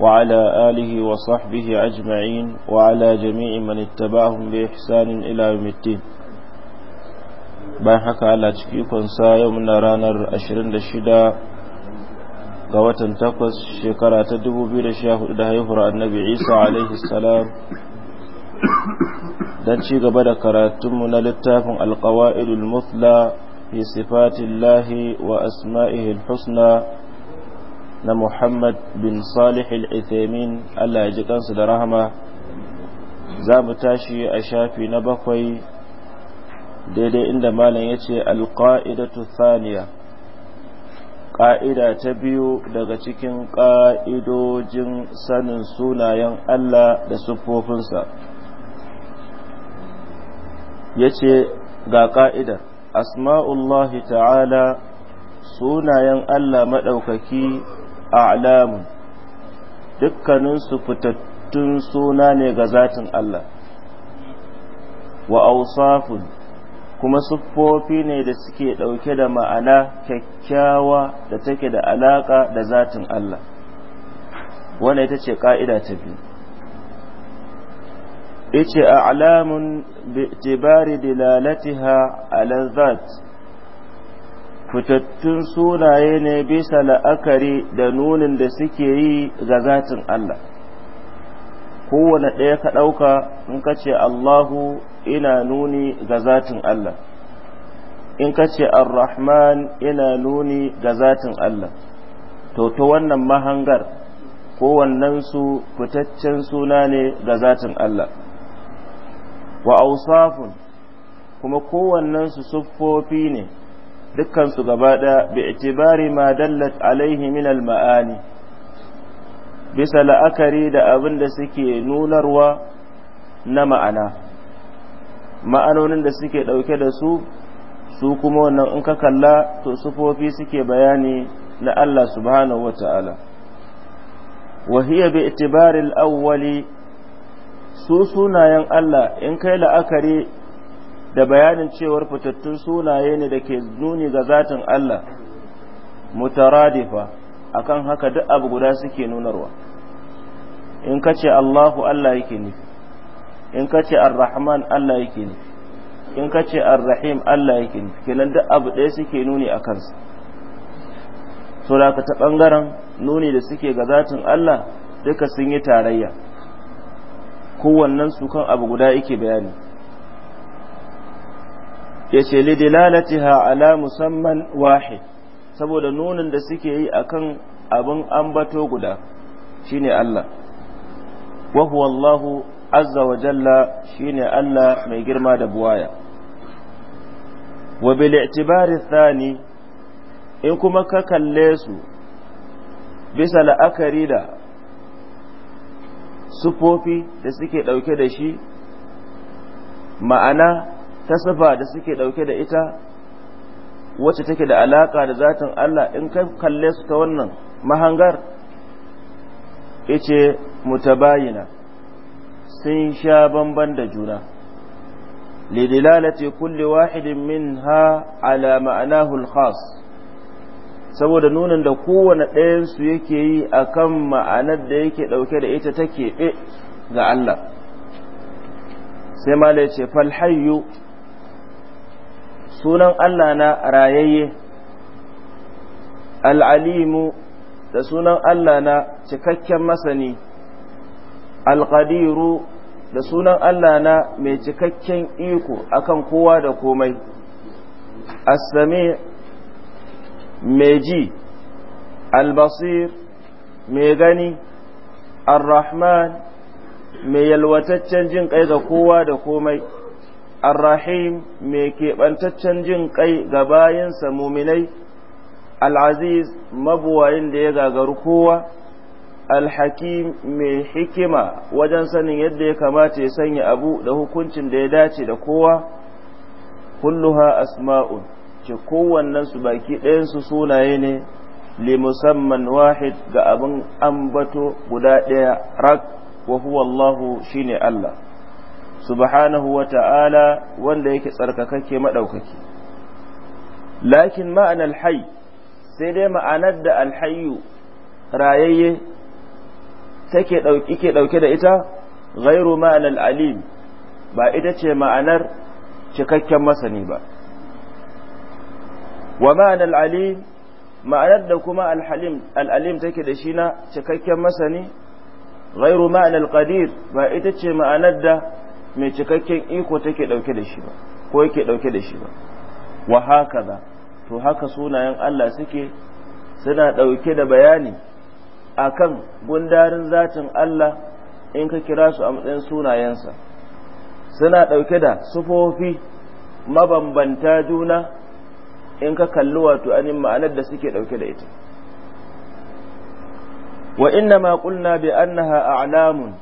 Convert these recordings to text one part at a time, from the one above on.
وعلى آله وصحبه أجمعين وعلى جميع من اتبعهم بإحسان إلى يوم الدين bayan haka ala ciki kunsa yau muna ranar 26 ga watan 8 shekara ta 2014 da haihuwar annabi isa alaihi salam don ci gaba da karatunmu na littafin alkawa'idul mutla fi sifatillahi wa asma'ihi husna na Muhammad bin Salih al Allah ya ji kansu da rahama za mu tashi a shafi na bakwai daidai inda malam ya ce alƙa'idatu saniya ƙa'ida ta biyu daga cikin ƙa'idojin sanin sunayen Allah da siffofinsa ya ce ga ƙa'idar asma'ullahi ta'ala sunayen Allah maɗaukaki a'lamun dukkaninsu fitattun suna ne ga zatin Allah wa ausafun kuma siffofi ne da suke ɗauke da ma'ana kyakkyawa da take da alaƙa da zatin Allah wanda ita ce ƙa'ida ta biyu ice a'lamun bi tibari dilalatiha ala zat fitattun sunaye ne bisa la'akari da nunin da suke yi ga zatin Allah kowane ɗaya ka ɗauka in ka ce Allahu ina nuni ga zatin Allah in ka ce Ar-Rahman ina nuni ga zatin Allah to ta wannan mahangar su fitaccen suna ne ga zatin Allah wa ausafun kuma su siffofi ne dukkansu gaba ɗaya bi itibari ma dallat alaihi min al-ma'ani bisa la'akari da abin da suke nunarwa na ma'ana ma'anonin da suke ɗauke da su su kuma wannan in ka kalla to sufofi suke bayani na Allah subhanahu wata'ala wa hiya bi itibari al-awwali su sunayen Allah in kai la'akari da bayanin cewar fitattun sunaye ne da ke nuni ga zatin Allah mutaradifa akan haka duk abu guda suke nunarwa in ka ce Allahu Allah yake nufi in ka ce Ar-Rahman Allah yake nufi in ka ce Ar-Rahim Allah yake nufi kenan duk abu ɗaya suke nuni a kansa so da ta ɓangaren nuni da suke ga zatin Allah duka sun yi tarayya kowannen su kan abu guda yake bayani ya yace lidilalatiha ala musamman wahid saboda nunin da suke yi akan abin ambato guda shine Allah wa huwa Allah azza wa jalla shine Allah mai girma da buwaya wa bil i'tibari thani in kuma ka kalle su bisa la'akari da sufofi da suke ɗauke da shi ma'ana ta sifa da suke ɗauke da ita wacce take da alaƙa da zatin Allah in ka kalle su ta wannan mahangar ice mutabayina sun sha bamban da juna lidilalati kulli wahidin minha ala ma'anahu al-khas saboda nunin da kowane ɗayan su yake yi a kan ma'anar da yake ɗauke da ita ta take ga Allah sai ma ce falhayyu sunan Allah na rayayye al'alimu da sunan Allah na cikakken masani alƙadiru da sunan Allah na mai cikakken iko akan kowa da komai assami mai ji albasir mai gani arrahman mai yalwataccen jin kai ga kowa da komai arrahim mai keɓantaccen jin kai ga bayansa muminai al'aziz mabuwayin da ya gagaru kowa alhakim mai hikima wajen sanin yadda ya kamata ya sanya abu da hukuncin da ya dace da kowa kulluha asma'un ce kowannensu baki ɗayansu sunaye ne li musamman wahid ga abin ambato guda ɗaya rak wa huwa Allahu shine Allah subhanahu wa ta'ala wanda yake tsarkakakke maɗaukaki. Lakin ma'anar alhai sai dai ma'anar da alhayu rayayye take ɗauke da ita, gairu ma'anar alim ba ita ce ma'anar cikakken masani ba. Wa ma'anar alim ma'anar da kuma al'alim take da shi na cikakken masani, gairu ma'anar ƙadir ba ita ce ma'anar da mai cikakken iko take dauke da shi ba ko yake dauke da shi ba wa hakaza to haka sunayen Allah suke suna dauke da bayani akan gundarin zatin Allah in ka kira su a matsayin sunayensa suna dauke da sufofi mabambanta juna in ka kalli wato anin ma'anar da suke dauke da ita wa inna ma qulna bi annaha a'lamun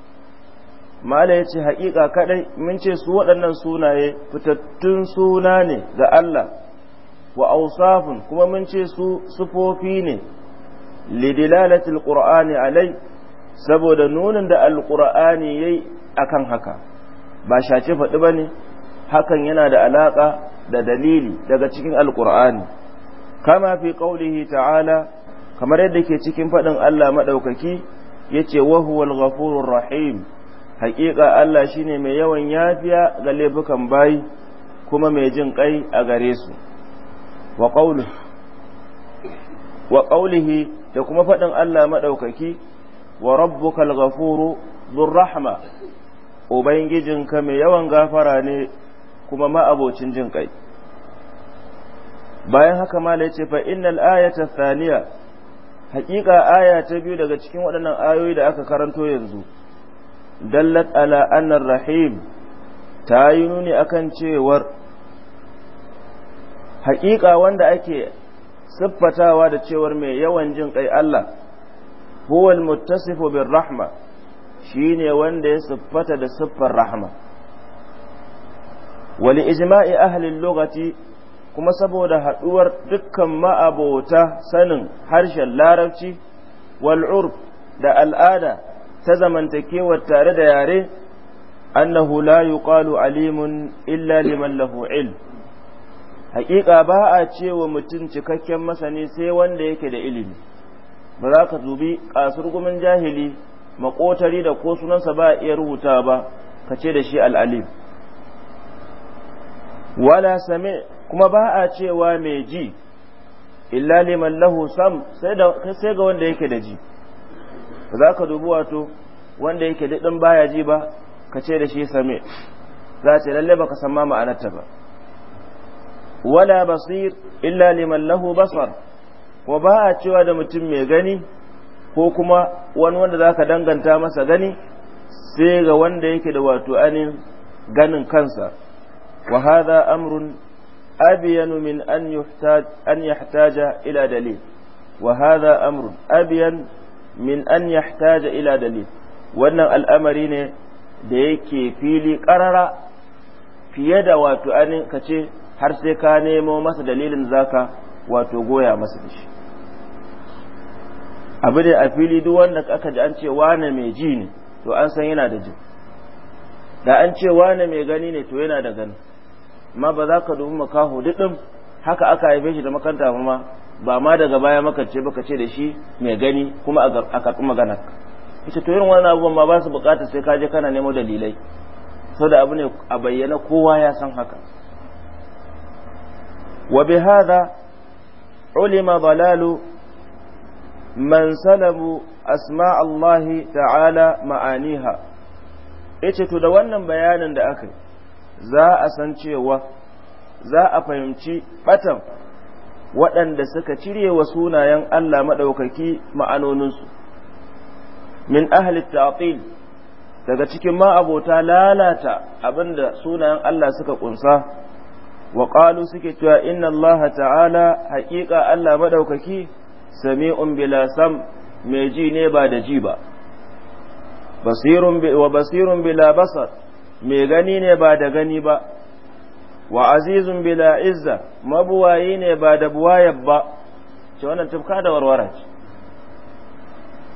mala ya ce haƙiƙa kaɗai mun ce su waɗannan sunaye fitattun suna ne ga Allah wa ausafun kuma mun ce su sufofi ne lidilalatul qur'ani alai saboda nunin da alqur'ani yayi akan haka ba shace faɗi bane hakan yana da alaƙa da dalili daga cikin alqur'ani kama fi qaulihi ta'ala kamar yadda ke cikin faɗin Allah madaukaki yace wa huwal ghafurur rahim haƙiƙa Allah shine mai yawan yafiya ga laifukan bayi kuma mai jin kai a gare su wa qaulihi da kuma faɗin Allah maɗaukaki wa rabbukal ghafuru dhur rahma ubangijinka mai yawan gafara ne kuma ma'abocin jin kai bayan haka mala ce fa innal ayata thaniya haƙiƙa aya ta biyu daga cikin waɗannan ayoyi da aka karanto yanzu dallat ala annar rahim ta yi nuni akan cewar haƙiƙa wanda ake siffatawa da cewar mai yawan jin ƙai Allah huwal muttasifu bir rahma shine wanda ya siffata da siffar rahma wali ijma'i ahalin lokaci kuma saboda haɗuwar dukkan ma'abota sanin harshen larabci wal da al'ada ta zamantakewar tare da yare annahu la yuqalu alimun illa liman lahu ilm haƙiƙa ba a cewa mutum cikakken masani sai wanda yake da ilimi ba za ka zubi gumin jahili makotari da ko sunansa ba a iya rubuta ba ka ce da shi al'alim wala sami kuma ba a cewa mai ji illa liman lahu sam sai ga wanda yake da ji ba za ka dubi wato wanda yake daɗin baya ji ba ka ce da shi same za ce lalle baka san ma ma'anarta ba wala basir illa liman lahu basar ko ba a cewa da mutum mai gani ko kuma wani wanda za ka danganta masa gani sai ga wanda yake da wato anin ganin kansa wa hadha amrun abiyanu min an yuhtaj yahtaja ila dalil wa hadha amrun abiyan min an yahtaja ila dalil wannan al'amari ne da yake fili ƙarara fiye da wato ka ce har sai ka nemo masa dalilin zaka wato goya masa da abu da a fili duk wanda aka ji an ce wane mai ji ne to an san yana da ji da an ce wane mai gani ne to yana da gani amma ba za ka dubi makaho duk haka aka haife shi da makanta ma ba ma daga baya maka ce baka ce da shi mai gani kuma a karɓi magana. ita to irin wannan abubuwan ma ba su bukata sai ka je kana nemo dalilai sau da abu ne a bayyana kowa ya san haka wa bi hada ulima balalu man salamu asma Allah ta'ala ma'aniha yace to da wannan bayanin da aka za a san cewa za a fahimci batan waɗanda suka cire wa sunayen Allah maɗaukaki ma'anoninsu min ahli ta'til daga cikin ma ma'abota lalata abinda sunayen Allah suka kunsa wa qalu suke cewa inna Allah ta'ala haƙiƙa Allah maɗaukaki sami'un bila sam mai ji ne ba da ji ba wa basirun bila basar mai gani ne ba da gani ba wa azizun bila izza mabuwayi ne ba da buwaya ba ce wannan tufka da warwara ce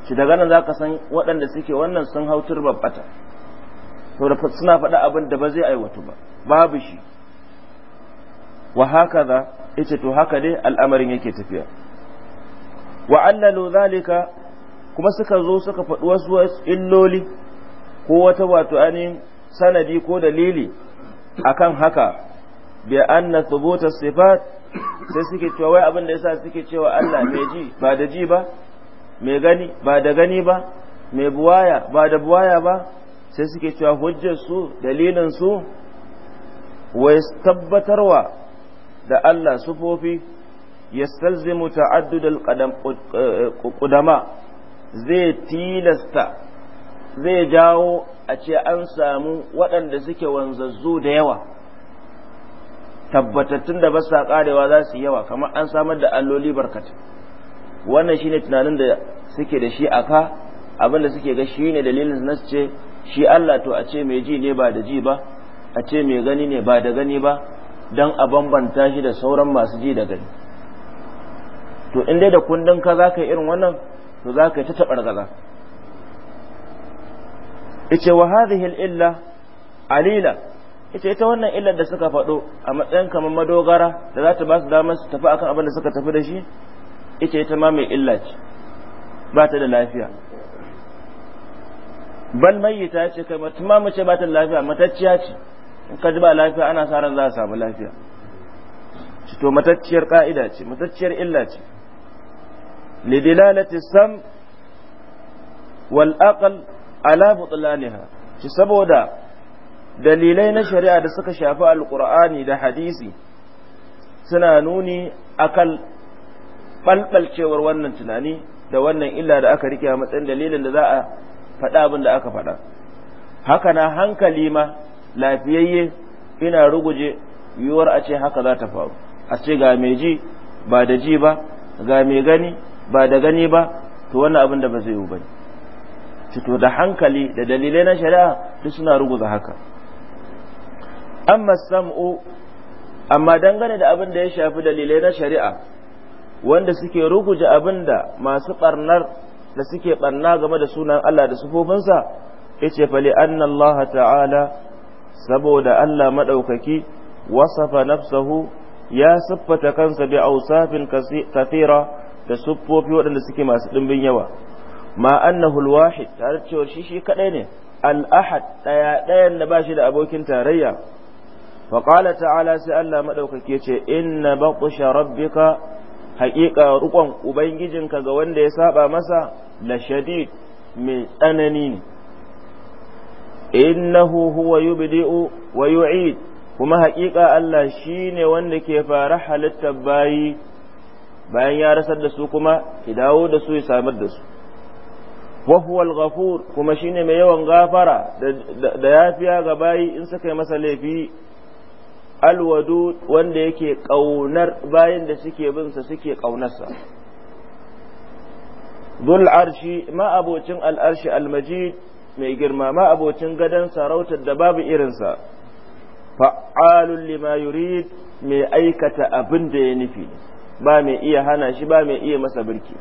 shi daga nan zaka san waɗanda suke wannan sun hau turbar bata to da suna faɗa abin da ba zai aiwatu ba babu shi wa hakaza ita to haka dai al'amarin yake tafiya wa allalu zalika kuma suka zo suka faɗi wasu illoli ko wata wato ainihin sanadi ko dalili akan haka bi anna thubuta sifat sai suke cewa wai abin da yasa suke cewa Allah mai ji ba da ji ba mai gani ba da gani ba mai buwaya ba da buwaya ba sai suke cewa hujjar su dalilin su wai tabbatarwa da Allah sufofi yastalzimu ta'addud al-qadam qudama zai tilasta zai jawo a ce an samu waɗanda suke wanzazzu da yawa tabbatattun da ba sa karewa za su yi yawa kamar an samar da alloli barkat wannan shine tunanin da suke da shi aka abin da suke ga shine dalilin na ce shi Allah to a ce mai ji ne ba da ji ba a ce mai gani ne ba da gani ba dan a bambanta shi da sauran masu ji da gani to in dai da kundin ka zaka yi irin wannan to zaka yi ta gaza ice wa hadhihi alila ita ita wannan illar da suka faɗo a matsayin kamar madogara da za ta ba su damar su tafi akan abin da suka tafi da shi ita ita ma mai illa ce ba ta da lafiya bal mayyita ce kai matuma ce ba ta da lafiya matacciya ce in ka ji ba lafiya ana sa ran za a samu lafiya to matacciyar ka'ida ce matacciyar illa ce lidilalati sam wal aqal ala butlaniha ci saboda dalilai na shari'a da suka shafi alkur'ani da hadisi suna nuni akan balbalcewar wannan tunani da wannan illa da aka rike a matsayin dalilin da za a faɗa abin da aka faɗa haka na hankali ma lafiyayye ina ruguje yiwuwar a ce haka za ta faru a ce ga mai ji ba da ji ba ga mai gani ba da gani ba to wannan abin da ba zai yi ba ne to da hankali da dalilai na shari'a duk suna ruguza haka amma sam'u amma dangane da abin da ya shafi dalilai na shari'a wanda suke ruguje abin da masu barnar da suke barna game da sunan Allah da sufofinsa yace fa li anna Allah ta'ala saboda Allah madaukaki wasafa nafsahu ya siffata kansa bi awsafin kathira da sufofi waɗanda suke masu ɗimbin yawa ma annahu alwahid tare cewa shi shi kadai ne al ahad daya dayan da bashi da abokin tarayya faƙala ta'ala sai Allah maɗaukake ce inna baƙusha rabbika haƙiƙa riƙon ubangijinka ga wanda ya saba masa la shadid mai tsanani ne innahu huwa yubdi'u wa yu'id kuma haƙiƙa Allah shine wanda ke fara halittar bayi bayan ya rasar da su kuma ya dawo da su ya samar da su wa huwa al-ghafur kuma shine mai yawan gafara da yafiya ga bayi in suka yi masa laifi alwadu wanda yake ƙaunar bayan da suke binsa suke ƙaunarsa dul arshi ma'abocin al'arshi almajid mai girma abocin gadon sarautar da babu irinsa fa'alun lima yurid mai aikata abin da ya nufi ba mai iya hana shi ba mai iya masa birki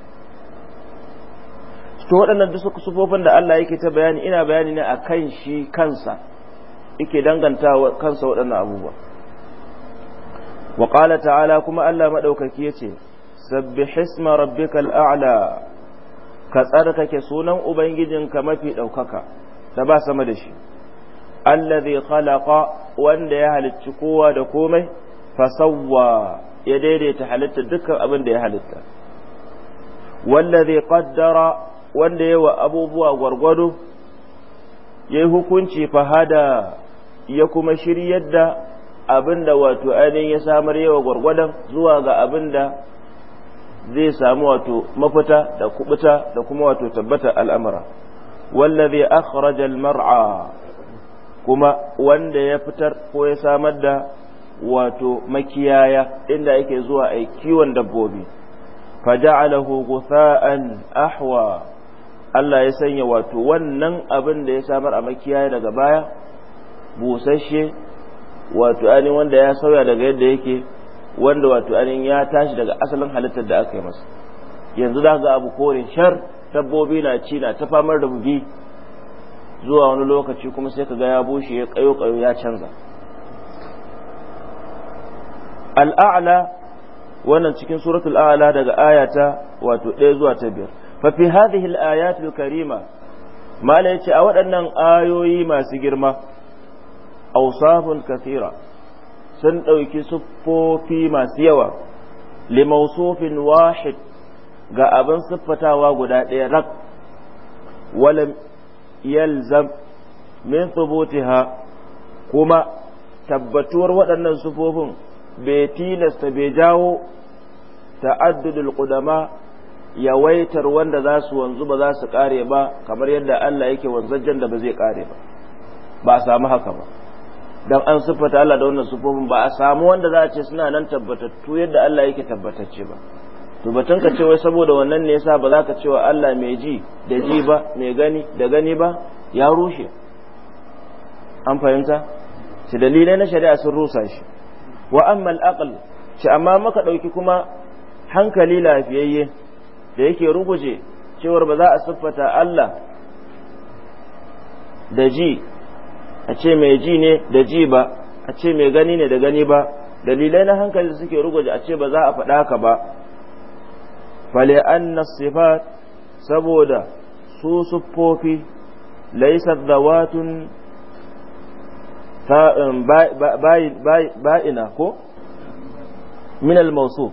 to waɗannan suka sufofin da Allah yake ta bayani ina bayani ne a kan shi kansa yake danganta kansa waɗannan abubuwa wa qala ta'ala kuma Allah ya ce sabbi hisma rabbikal a'la ka tsarkake sunan ubangijinka mafi ɗaukaka da ba sama da shi zai khalaqa wanda ya halicci kowa da komai fasawa ya daidaita halitta dukkan abin da ya halitta zai ƙaddara wanda yawa abubuwa gwargwado yayi hukunci fahada ya kuma shiryar da abinda wato ainihin ya samar yawa gwargwadon zuwa ga abinda zai samu wato mafita da kubuta da kuma wato tabbata al'amura wallazi akhraja mara kuma wanda ya fitar ko ya samar da wato makiyaya inda yake zuwa a kiwon dabbobi faja'alahu gutha'an ahwa Allah ya sanya wato wannan abin da ya samar a makiyaya daga baya busasshe wato ainihin wanda ya sauya daga yadda yake wanda wato ainihin ya tashi daga asalin halittar da aka yi masa yanzu za ga abu kore shar dabbobi na ci na ta famar da bugi zuwa wani lokaci kuma sai ka ga ya bushe ya kayo kayo ya canza al'a'la wannan cikin suratul a'la daga ayata wato ɗaya zuwa ta biyar fa fi hadhihi al-ayatil karima mala yace a waɗannan ayoyi masu girma awsafun kathira sun ɗauki siffofi masu yawa limausufin wahid ga abin siffatawa guda ɗaya rak walam yalzam min thubutiha kuma tabbatuwar waɗannan sufofin bai tilasta bai jawo ta'addudul qudama yawaitar wanda za su wanzu ba za su kare ba kamar yadda Allah yake wanzajjen da ba zai kare ba ba a samu haka ba dan an siffata Allah da wannan sufofin ba a samu wanda za a ce suna nan tabbatattu yadda Allah yake tabbatacce ba to batun ka ce wai saboda wannan ne yasa ba za ka cewa wa Allah mai ji da ji ba mai gani da gani ba ya rushe an fahimta shi dalilai na shari'a sun rusa shi wa amma al-aql shi amma maka ɗauki kuma hankali lafiyayye da yake ruguje cewar ba za a siffata Allah da ji a ce mai ji ne da ji ba a ce mai gani ne da gani ba dalilai na hankali suke rugwaje a ce ba za a faɗa ka ba fale an sifat saboda su siffofi laisar watun um, ba'ina ko minal mausu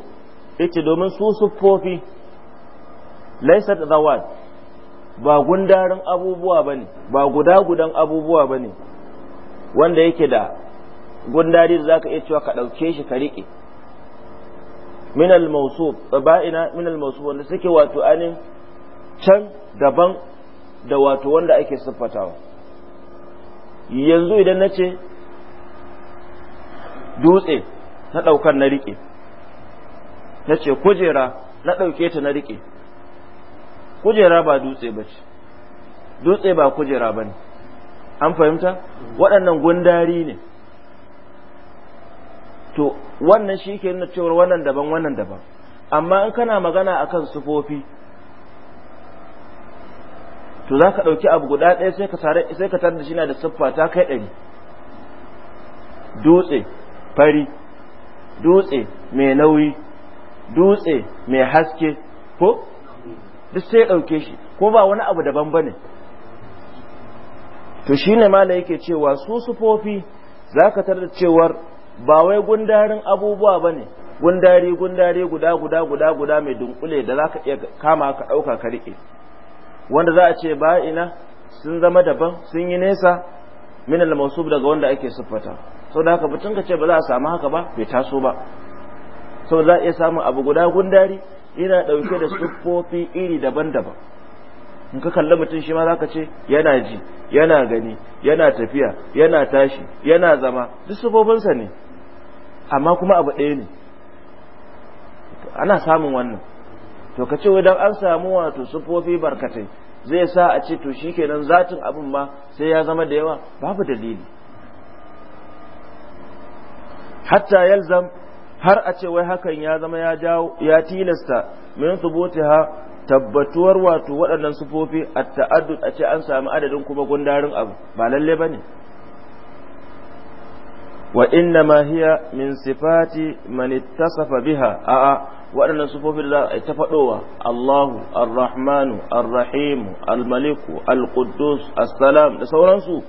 ita domin su siffofi laisar zawat ba gundarin abubuwa ba ne ba guda-gudan abubuwa ba ne wanda yake da gundari da zaka iya cewa ka ɗauke shi ka riƙe min al ba'ina min al wanda suke wato anin can daban da wato wanda ake siffatawa yanzu idan na ce dutse na ɗaukar na riƙe na ce kujera na ɗauke ta na riƙe kujera ba dutse ba ce dutse ba kujera ba ne an fahimta waɗannan gundari ne to wannan shi ke nuna cewar wannan daban wannan daban amma in kana magana akan sufofi to za ka ɗauki abu guda ɗaya sai ka tare da shi na da siffa ta kai ɗari dutse fari dutse mai nauyi dutse mai haske ko duk sai ɗauke shi ko ba wani abu daban ba ne to shi ne mala yake cewa su sufofi za ka tarda cewar ba wai gundarin abubuwa ba ne. gundari gundari guda guda guda guda mai dunkule da za ka iya kama ka ɗauka ka rike wanda za a ce ba ina sun zama daban sun yi nesa min al daga wanda ake siffata da haka mutum ka ce ba za a samu haka ba bai taso ba sau za a iya samun abu guda gundari ina ɗauke da siffofi iri daban-daban in ka kalli mutum shi ma zaka ce yana ji yana gani yana tafiya yana tashi yana zama duk sufofinsa ne amma kuma abu ɗaya ne ana samun wannan to ka ce wadan an samu wato sufofi barkatai zai sa a ce to shi kenan zatin abin ma sai ya zama da yawa babu dalili hatta yalzam har a ce wai hakan ya zama ya jawo ya tilasta min thubutiha tabbatuwar wato waɗannan sufofi a ta'addu a ce an sami adadin kuma gundarin abu ba lalle ba ne wa inna ma hiya min sifati man ittasafa biha a'a waɗannan sufofi da za a ta faɗowa Allahu Ar-Rahmanu Ar-Rahim Al-Maliku al as da sauransu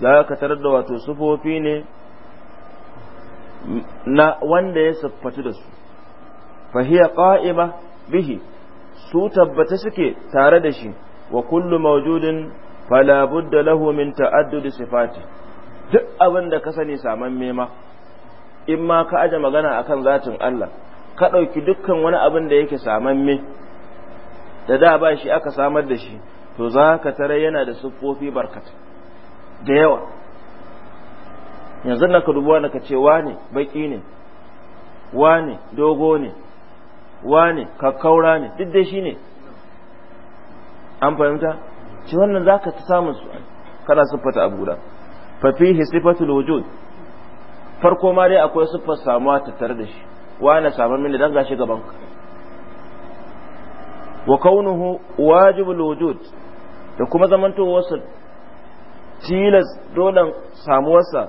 za ka tarar da wato sufofi ne na wanda ya siffatu da su fa hiya qa'ima bihi su tabbata suke tare da shi wa kullu mawjudin fala budda lahu min ta'addud sifati duk abin da ka sani saman mema in ma ka aje magana akan zatin Allah ka ɗauki dukkan wani abin da yake saman me da da ba shi aka samar da shi to za ka tare yana da siffofi barkata da yawa yanzu na ka dubuwa na ka ce wane baki ne wane dogo ne wane kakkaura ne duk dai ne. an fahimta ci wannan za ka ta samun su kana siffata abu guda Fafihi fihi sifatul wujud farko ma dai akwai siffar samuwa ta tare da shi wane samun mini dan gashi gaban ka wa kaunuhu wajibul wujud da kuma zamantowarsa tilas dolan samuwarsa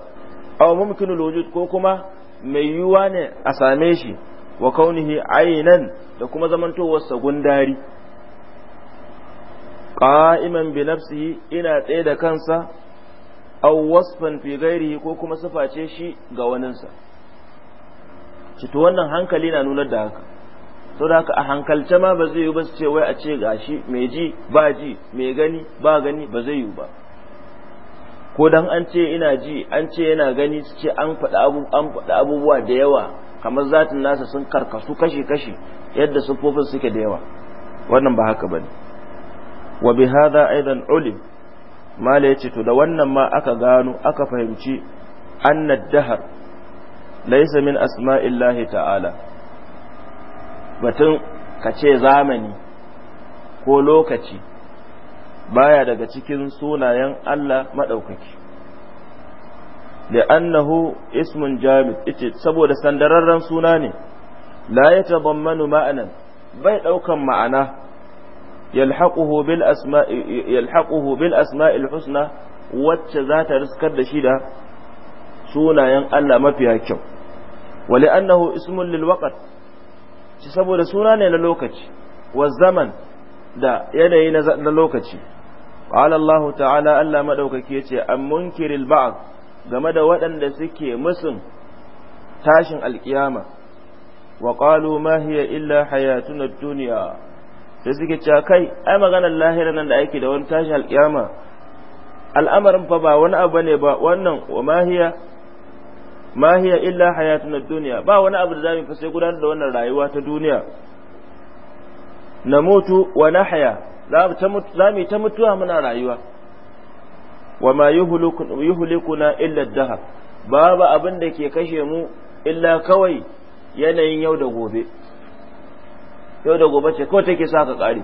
aw mumkinul wujud ko kuma mai yiwuwa ne a same shi wa kaunihi aynan da kuma zamantowarsa gundari qa'iman bi nafsihi ina tsaye da kansa aw wasfan fi ghairihi ko kuma siface shi ga waninsa cito wannan hankali na nunar da haka sau da haka a hankalce ma ba zai yi ba su ce wai a ce gashi mai ji ba ji mai gani ba gani ba zai yi ba ko dan an ce ina ji an ce yana gani su ce an faɗi abubuwa da yawa kamar zatin nasa sun karkasu kashi-kashi yadda siffofin suke da yawa wannan ba haka bane wa bi hadha aidan ulim mala yace to da wannan ma aka gano aka fahimci anna dahar laysa min asma'illahi ta'ala batun kace zamani ko lokaci baya daga cikin sunayen Allah madaukaki li'annahu ismun jamid yace saboda sandararren suna ne la yatadammanu ma'anan bai daukan ma'ana yalhaƙuhu bil asma'i yalhaquhu asma'il husna wacce za ta riskar da shi da sunayen Allah mafiya kyau wa li'annahu ismun lil waqt saboda suna ne na lokaci wa zaman da yanayi na lokaci qala Allah ta'ala Allah madaukaki yace am munkiril ba'd game da waɗanda suke musun tashin alkiyama wa qalu ma hiya illa hayatuna dunya sai suke cewa kai ai maganar lahira nan da ake da wani tashin alkiyama al'amarin fa ba wani abu ne ba wannan wa ma hiya ma hiya illa hayatuna dunya ba wani abu da zamu fa sai gudanar da wannan rayuwa ta duniya namutu wa nahya za mu ta mutuwa muna rayuwa wa ma yuhlikuna illa dahab babu abin da ke kashe mu illa kawai yanayin yau da gobe yau da gobe ce kawai take sa ka kare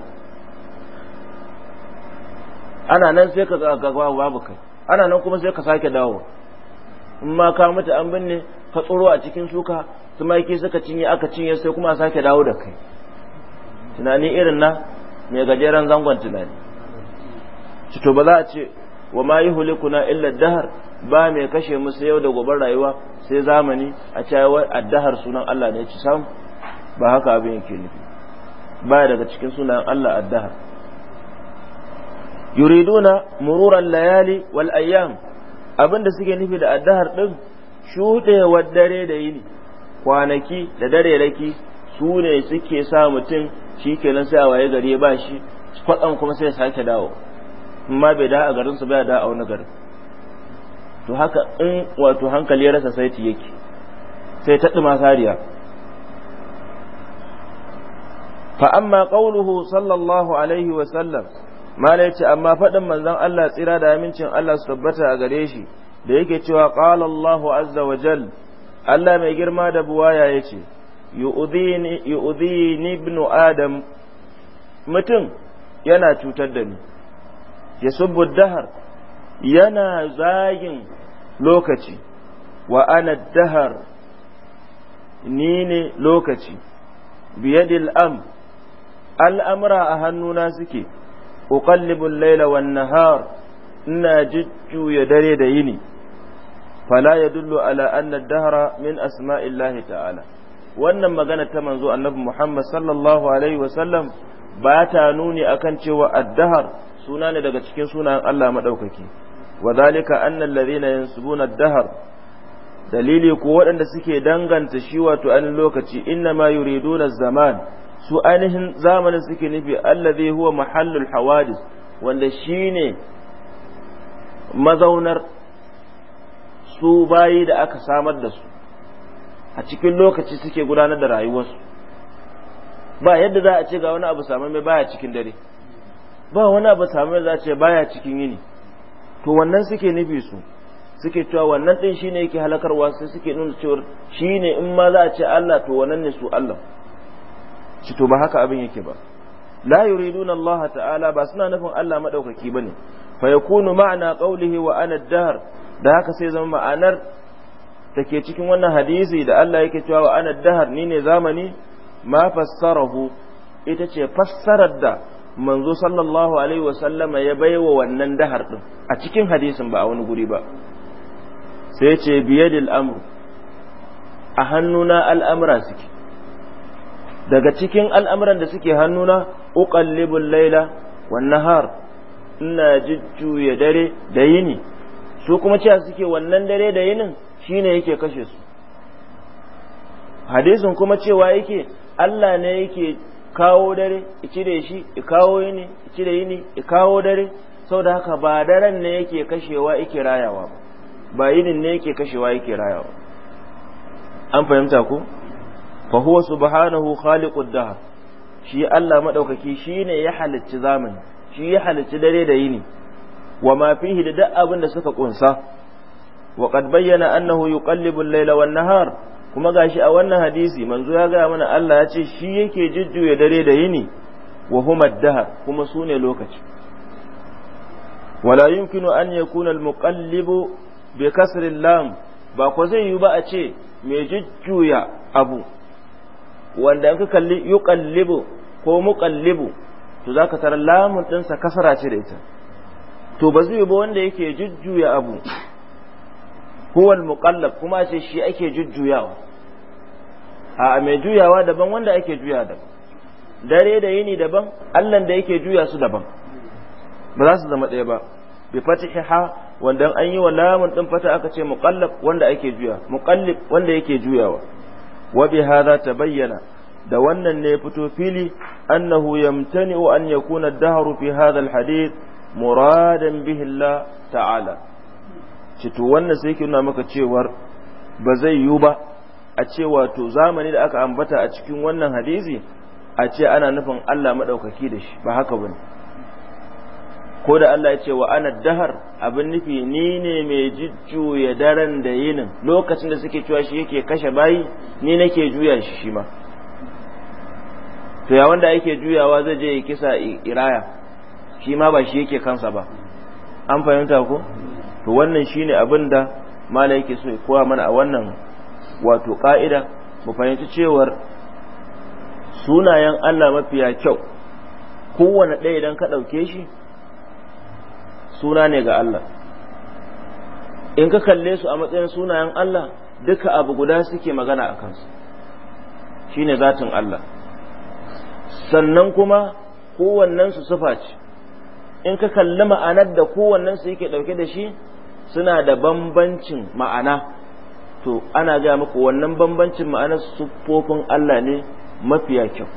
ana nan sai ka ga babu kai ana nan kuma sai ka sake dawo in ma ka mutu an binne ka tsoro a cikin suka tumaki suka cinye aka cinye sai kuma sake dawo da kai tunani irin na mai gajeren zangon tunani to ba za a ce wa ma yuhlikuna illa dahar ba mai kashe musu yau da gobar rayuwa sai zamani a cewa addahar sunan Allah ne ci samu ba haka abin yake nufi ba daga cikin sunan Allah addahar yuriduna mururan layali wal ayyam da suke nufi da addahar din wa dare da yini kwanaki da dare laki su ne suke sa mutum shi kenan sai a waye gare ba shi kwatsam kuma sai sake dawo ma bai da a garin su bai da a wani garin to haka in wato hankali ya rasa saiti yake sai ta dima sariya fa amma qauluhu sallallahu alaihi wa sallam malai ce amma faɗin manzon Allah tsira da amincin Allah su tabbata a gare shi da yake cewa qala Allah azza wa jal Allah mai girma da buwaya yace yu'dhini yu'dhini ibnu adam mutum yana cutar da ni yasubbu dahar yana zagin lokaci wa ana dahar ni ne lokaci biyadil am al'amura a hannuna suke uqallibul laila wan nahar ina jujjuya dare da yini fala yadullu ala anna dahra min asma'illahi ta'ala wannan magana ta manzo annabi Muhammad sallallahu alaihi wasallam ba ta nuni akan cewa dahar. suna ne daga cikin sunayen Allah maɗaukaki wa zalika annal ladina yansubuna ad-dahr dalili ko waɗanda suke danganta shi wato an lokaci inna ma yuriduna zaman su ainihin zamanin suke nufi allazi huwa mahallul hawadis wanda shine mazaunar su bayi da aka samar da su a cikin lokaci suke gudanar da rayuwarsu ba yadda za a ce ga wani abu samu mai baya cikin dare ba wani abu samu za ce baya cikin yini to wannan suke nufi su suke cewa wannan din shine yake halakarwa sai suke nuna cewa shine in ma za a ce Allah to wannan ne su Allah ci to ba haka abin yake ba la yuriduna Allah ta'ala ba suna nufin Allah madaukaki bane fa yakunu ma'ana qawlihi wa ana ad-dahr da haka sai zama ma'anar take cikin wannan hadisi da Allah yake cewa wa ana ad-dahr ni ne zamani ma fassarahu ita ce fassarar da manzo sallallahu alaihi wasallama ya baiwa wannan dahar din a cikin hadisin ba a wani guri ba sai ce biyadil amru a hannuna al'amura suke daga cikin al'amuran da suke hannuna uqallibul laila wan nahar ina jujjuya dare da yini su kuma cewa suke wannan dare da yinin shine yake kashe su hadisin kuma cewa yake Allah ne yake kawo dare i cire shi i kawo yini cire yini i kawo dare saboda haka ba daren ne yake kashewa yake rayawa ba ba yinin ne yake kashewa yake rayawa an fahimta ko fa huwa subhanahu khaliqud dahr shi Allah shi ne ya halicci zamani shi ya halicci dare da yini wa ma fihi da duk abin da suka kunsa wa qad bayyana annahu yuqallibu al-laila wan nahar kuma gashi a wannan hadisi manzo ya gaya mana Allah ya ce shi yake jujjuya dare da yini wa huma dahar kuma su ne lokaci wala yumkinu an yakuna al-muqallibu bi kasri lam ba ko zai yi ba a ce mai jujjuya abu wanda an ka kalli yuqallibu ko muqallibu to zaka tarar lamun din kasara ce da ita to ba zai yi ba wanda yake jujjuya abu huwal muqallab kuma ce shi ake jujjuyawa a mai juyawa daban wanda ake juya daban dare da yini daban allan da yake juya su daban ba za su zama ɗaya ba bi fatiha wanda an yi wa lamun din fata aka ce muqallab wanda ake juya muqallib wanda yake juyawa wa bi hadha tabayyana da wannan ne fito fili annahu yamtani'u an yakuna ad-dahru fi hadha al-hadith muradan bihi Allah ta'ala ce to wannan sai ke nuna maka cewar ba zai yiwu ba a ce wato zamani da aka ambata a cikin wannan hadisi a ce ana nufin Allah maɗaukaki da shi ba haka bane ko da Allah ya ce wa ana dahar abin nufi ni ne mai jujjuya daren da yinin lokacin da suke cewa shi yake kashe bayi ni nake juya shi shi ma to ya wanda yake juyawa zai je ya kisa iraya shi ma ba shi yake kansa ba an fahimta ko to wannan shine abin da mala yake so ya koya mana a wannan wato ka'ida mu fahimci cewar sunayen Allah mafiya kyau kowane ɗaya idan ka ɗauke shi suna ne ga Allah in ka kalle su a matsayin sunayen Allah duka abu guda suke magana a kansu shine zatin Allah sannan kuma kowannensu sufa ce in ka kalli ma'anar da kowannensu yake ɗauke da shi suna da bambancin ma'ana to ana ga muku wannan bambancin su siffofin Allah ne mafiya kyau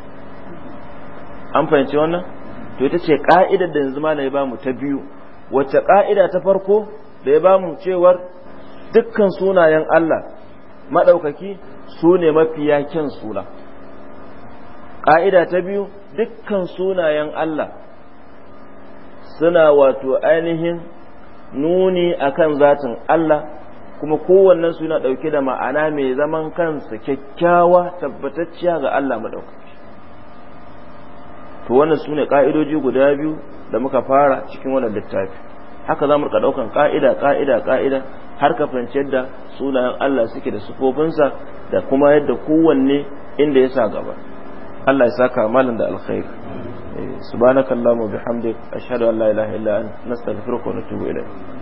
an fahimci wannan to ita ce ka'idar da yanzu na ya bamu ta biyu wacce ka'ida ta farko da ya bamu cewar dukkan sunayen Allah maɗaukaki su ne mafiya kyan suna Ka'ida ta biyu dukkan sunayen Allah suna wato ainihin nuni akan zatin Allah kuma kowannen su yana ɗauke da ma'ana mai zaman kansa kyakkyawa tabbatacciya ga Allah maɗaukaki to wannan su ne guda biyu da muka fara cikin wannan littafi haka za mu rika ɗaukan ƙa'ida ƙa'ida ƙa'ida har ka fahimci da sunayen Allah suke da sufofinsa da kuma yadda kowanne inda ya sa gaba Allah ya saka malam da alkhairi kalla bi bihamdik ashhadu an la ilaha illa anta nastaghfiruka wa natubu ilayk